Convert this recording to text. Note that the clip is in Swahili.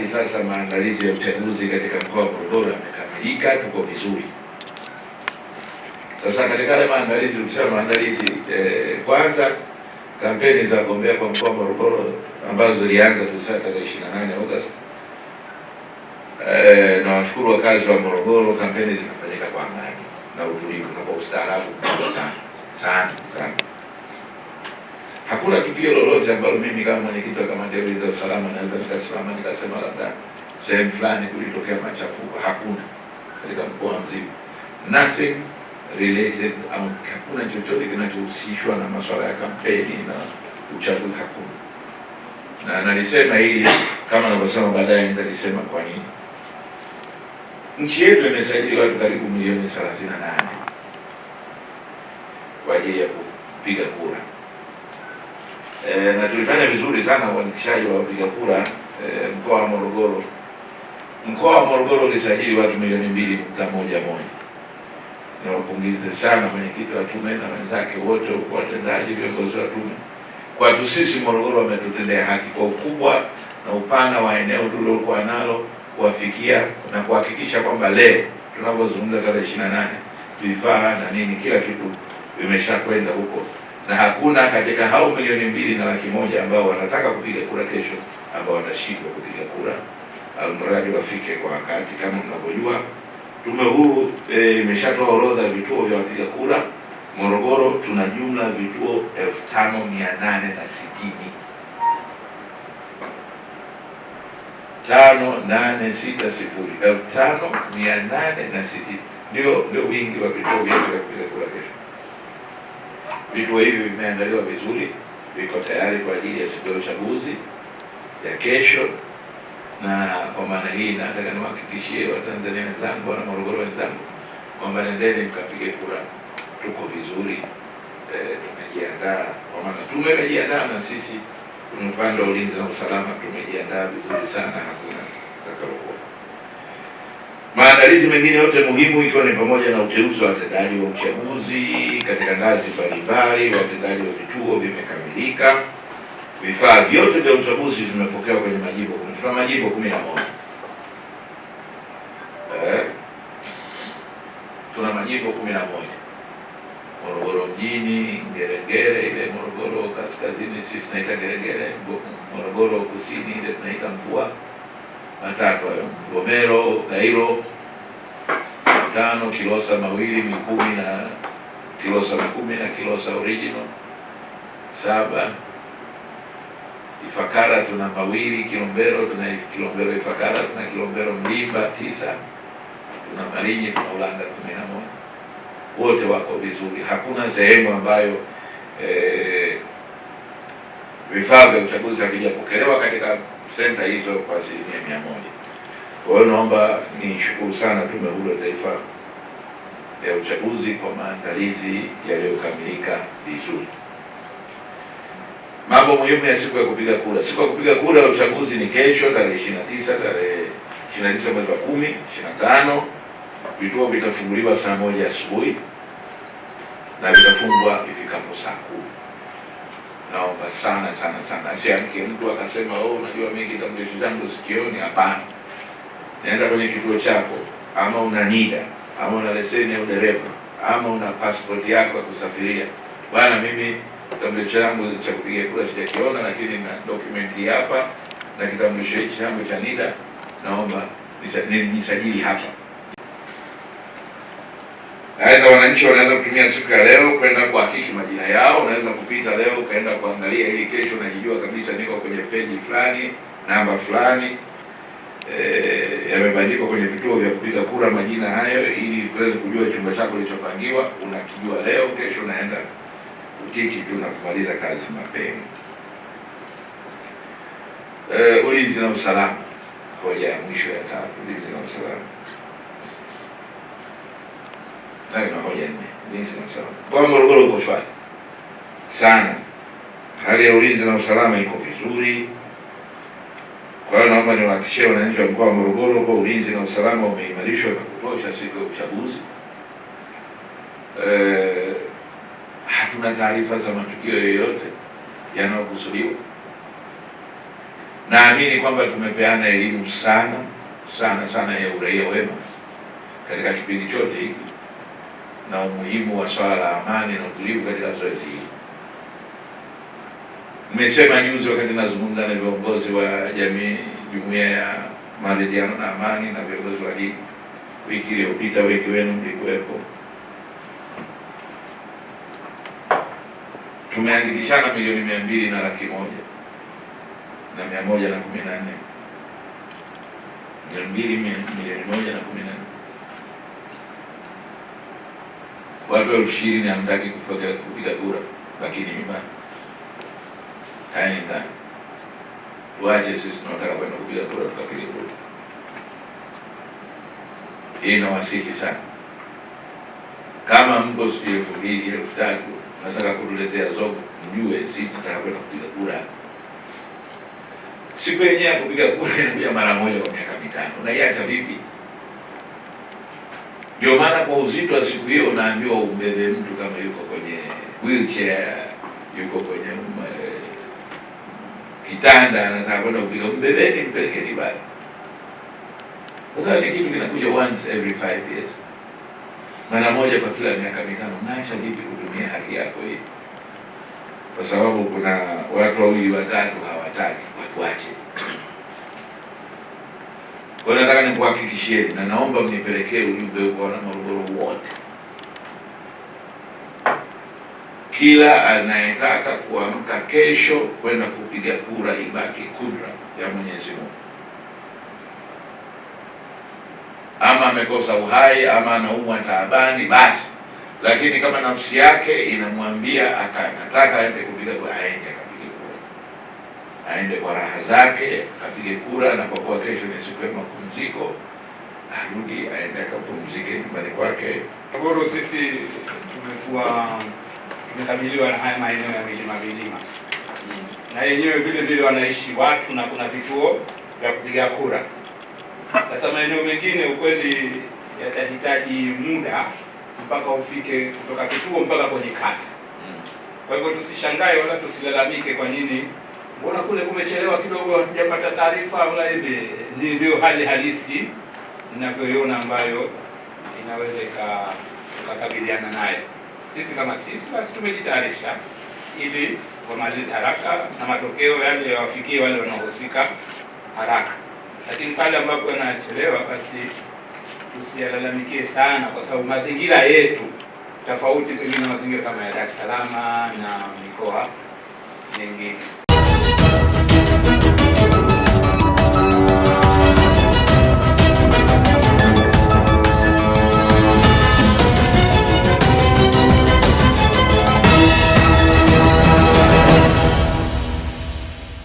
Sasa maandalizi ya uchaguzi katika mkoa wa Morogoro yamekamilika, tuko vizuri. Sasa katika yale maandalizi tukisema maandalizi eh, kwanza kampeni za gombea kwa mkoa wa Morogoro ambazo zilianza tulisema tarehe 28 Agosti. Eh, na washukuru wakazi wa Morogoro, kampeni zinafanyika kwa amani na utulivu na kwa ustaarabu sana sana sana. Hakuna tukio lolote ambalo mimi kama mwenyekiti wa kamati ya ulinzi na usalama naweza nikasimama nikasema labda sehemu fulani kulitokea machafuko. Hakuna katika mkoa mzima, nothing related au hakuna chochote kinachohusishwa na masuala ya kampeni na uchaguzi, hakuna. Na nalisema hili kama navyosema baadaye, nitalisema kwa nini. Nchi yetu imesajili watu karibu milioni 38 kwa ajili ya kupiga kura e, na tulifanya vizuri sana uandikishaji wa wapiga kura e, mkoa wa Morogoro. Mkoa wa Morogoro ulisajili watu milioni mbili nukta moja moja. Niwapongeze sana mwenyekiti wa tume na wenzake wote huko, watendaji, viongozi wa tume. Kwetu sisi Morogoro wametutendea haki kwa ukubwa na upana wa eneo tulilokuwa nalo kuwafikia na kuhakikisha kwamba leo tunapozungumza tarehe ishirini na nane vifaa na nini kila kitu vimeshakwenda huko na hakuna katika hao milioni mbili na laki moja ambao wanataka kupiga kura kesho ambao watashindwa kupiga kura, almradi wafike kwa wakati. Kama mnavyojua tume huu e, imeshatoa e, orodha ya vituo vya wapiga kura. Morogoro tuna jumla vituo elfu tano mia nane na sitini tano nane sita sifuri elfu tano mia nane na sitini ndio ndio wingi wa vituo vyetu vya kupiga kura kesho. Vituo hivi vimeandaliwa vizuri, viko tayari kwa ajili ya siku ya uchaguzi ya kesho, na kwa maana hii nataka niwahakikishie Watanzania wenzangu, wana Morogoro wenzangu kwamba nendeni mkapige kura, tuko vizuri e, tumejiandaa kwa maana tume na sisi kwenye upande wa ulinzi na usalama tumejiandaa vizuri sana, hakuna Maandalizi mengine yote muhimu ikiwa ni pamoja na uteuzi wa watendaji wa uchaguzi katika ngazi mbalimbali, watendaji wa vituo vimekamilika, vifaa vyote vya uchaguzi vimepokewa kwenye majimbo. Tuna majimbo kumi na moja eh, tuna majimbo kumi na moja Morogoro mjini, ngeregere ile Morogoro kaskazini, sisi tunaita ngeregere Morogoro kusini ile tunaita Mvua matatu hayo Gomero, Gairo tano, Kilosa mawili, Mikumi na Kilosa Mikumi na Kilosa original saba, Ifakara tuna mawili, Kilombero tuna Kilombero Ifakara tuna Kilombero Mlimba tisa, tuna Malinyi tuna Ulanga kumi na moja. Wote wako vizuri, hakuna sehemu ambayo eh, vifaa vya uchaguzi hakijapokelewa katika senta hizo kwa asilimia mia moja. Kwa hiyo naomba nishukuru sana Tume Huru ya Taifa ya Uchaguzi kwa maandalizi yaliyokamilika vizuri. Mambo muhimu ya siku ya kupiga kura. Siku ya kupiga kura ya uchaguzi ni kesho tarehe 29, tarehe 29 mwezi wa 10 25. Vituo vitafunguliwa saa moja asubuhi na vitafungwa ifikapo saa kumi naomba sana sana sana, asiamke mtu akasema oh, unajua mimi kitambulisho changu sikioni. Hapana, naenda kwenye kituo chako, ama una NIDA ama una leseni ya udereva ama una passport yako ya kusafiria, bwana, mimi kitambulisho changu cha kupiga kura sijakiona, lakini na document hapa na kitambulisho hichi changu cha NIDA naomba nisajili hapa Aidha, wananchi wanaweza kutumia siku ya leo kwenda kuhakiki majina yao. Unaweza kupita leo ukaenda kuangalia ili kesho unajijua kabisa niko kwenye peji fulani, namba fulani. E, yamebandikwa kwenye vituo vya kupiga kura majina hayo, ili uweze kujua chumba chako kilichopangiwa unakijua leo, kesho unaenda kutiki tu na kumaliza kazi mapema. E, ulinzi na usalama, hoja ya mwisho ya tatu, ulinzi na usalama nane eh, e na moja nne ulinzi na usalama kwa Morogoro uko shwari sana, hali ya ulinzi na usalama iko vizuri. Kwa hiyo naomba niwahakikishie wananchi wa mkoa wa Morogoro kwa ulinzi na usalama umeimarishwa na kutosha siku ya uchaguzi. E, hatuna taarifa za matukio yoyote yanayokusudiwa. Naamini kwamba tumepeana elimu sana sana sana ya uraia wema eh, katika kipindi chote hiki na umuhimu wa swala la amani na utulivu katika zoezi hili. Nimesema juzi wakati nazungumza na viongozi wa jamii jumuiya ya maridhiano na amani na viongozi wa dini wiki iliyopita, wengi wenu mlikuwepo. Tumeandikishana milioni mia mbili na laki moja na mia moja na kumi na nne milioni mbili milioni moja na kumi na nne watu elfu ishirini hamtaki kupiga kura, lakini nyumbani. Haya ni ndani, tuache sisi tunataka kwenda kupiga kura, tukapiga kura. Hii nawasihi sana, kama mko sijui elfu mbili elfu tatu nataka kutuletea zogo, mjue sisi tunataka kwenda kupiga kura. Siku yenyewe ya kupiga kura inakuja mara moja kwa miaka mitano, unaiacha vipi? Ndio maana kwa uzito wa siku hiyo unaambiwa umbebe mtu kama yuko kwenye wheelchair, yuko kwenye eh, kitanda anataka kwenda kupiga, mbebeni, mpelekeni bali. Sasa ni kitu kinakuja once every five years, mara moja kwa kila miaka mitano. Naacha vipi kutumia haki yako hii? Kwa sababu kuna watu wawili watatu hawataki, watuache kwa hiyo nataka nikuhakikishieni na naomba mnipelekee ujumbe kwa wana Morogoro wote, kila anayetaka kuamka kesho kwenda kupiga kura, ibaki kudra ya Mwenyezi Mungu. Ama amekosa uhai ama anaumwa taabani, basi, lakini kama nafsi yake inamwambia akanataka aende kupiga kura, aende aende kwa raha zake apige kura, na kwa kuwa kesho ni siku ya mapumziko arudi aende akapumzike nyumbani kwake. Morogoro sisi tumekuwa tumekabiliwa na haya maeneo ya milima milima, na yenyewe vile vile wanaishi watu na kuna vituo vya kupiga kura. Sasa maeneo mengine ukweli yatahitaji muda mpaka ufike kutoka kituo mpaka kwenye kata. Kwa hivyo tusishangae wala tusilalamike kwa nini mbona kule kumechelewa kidogo, hatujapata taarifa wala hivi. ndio hali halisi ninavyoiona ambayo inaweza ikakabiliana naye. Sisi kama sisi basi tumejitayarisha ili wamalize haraka na matokeo yale yawafikie wale wanaohusika haraka, lakini pale ambapo yanachelewa basi tusiyalalamikie sana, kwa sababu mazingira yetu tofauti pengine na mazingira kama ya Dar es Salaam na mikoa mingine.